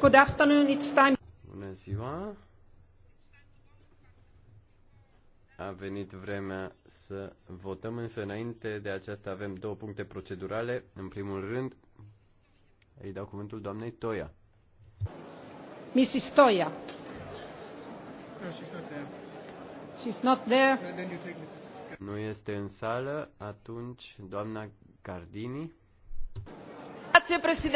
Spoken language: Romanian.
good afternoon, it's time. Bună ziua. A venit vremea să votăm, însă înainte de aceasta avem două puncte procedurale. În primul rând, îi dau cuvântul doamnei Toia. Mrs. Toia. No, she's not there. She's not there. Nu este în sală, atunci doamna Gardini președinte.